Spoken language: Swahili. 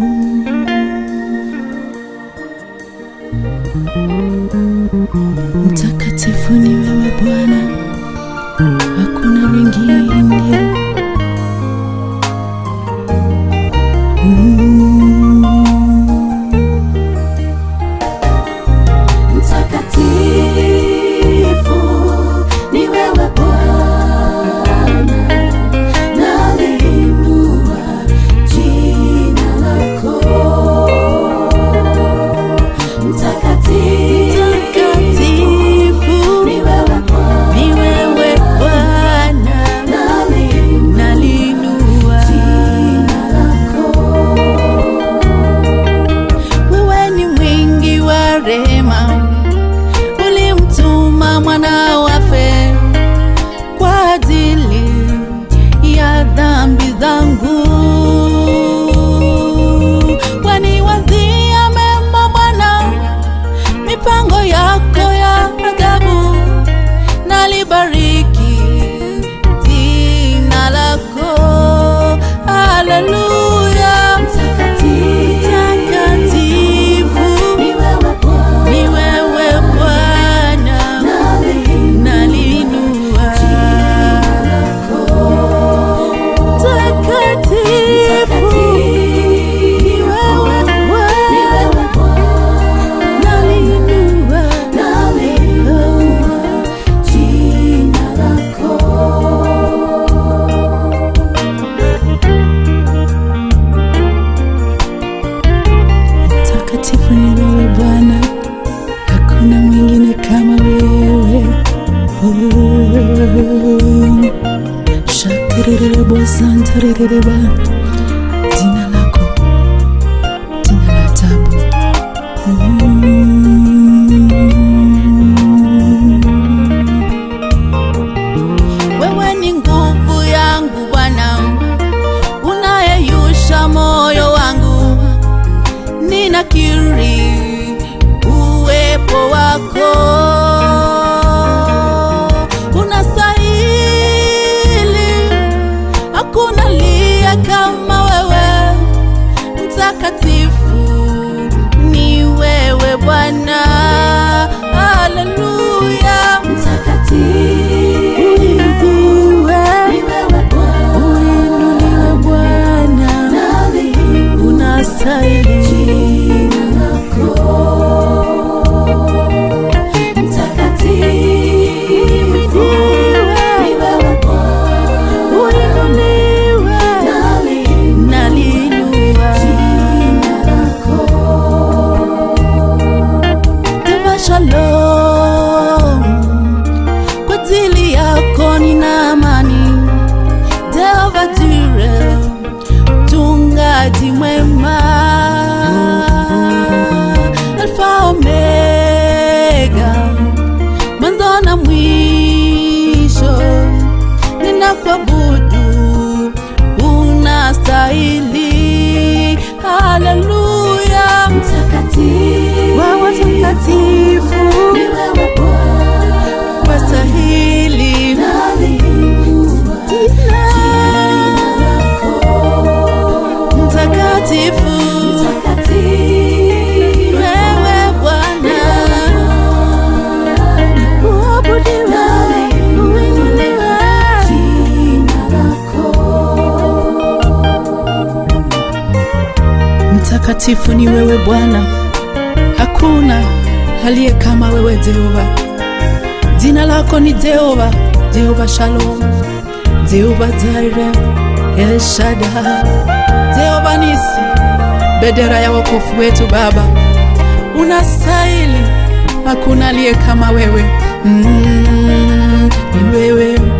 Thank mm-hmm. you. Santa Rebeba. Bwana stahili. Haleluya, mtakatifu wewe, mtakatifu mtakatifu ni wewe Bwana, hakuna aliye kama wewe Jehova. Jina lako ni Jehova, Jehova Shalom, Jehova Jaire, El Shaddai, Jehova Nisi, bedera ya wokovu wetu Baba. Unastahili, hakuna aliye kama wewe. Mm, ni wewe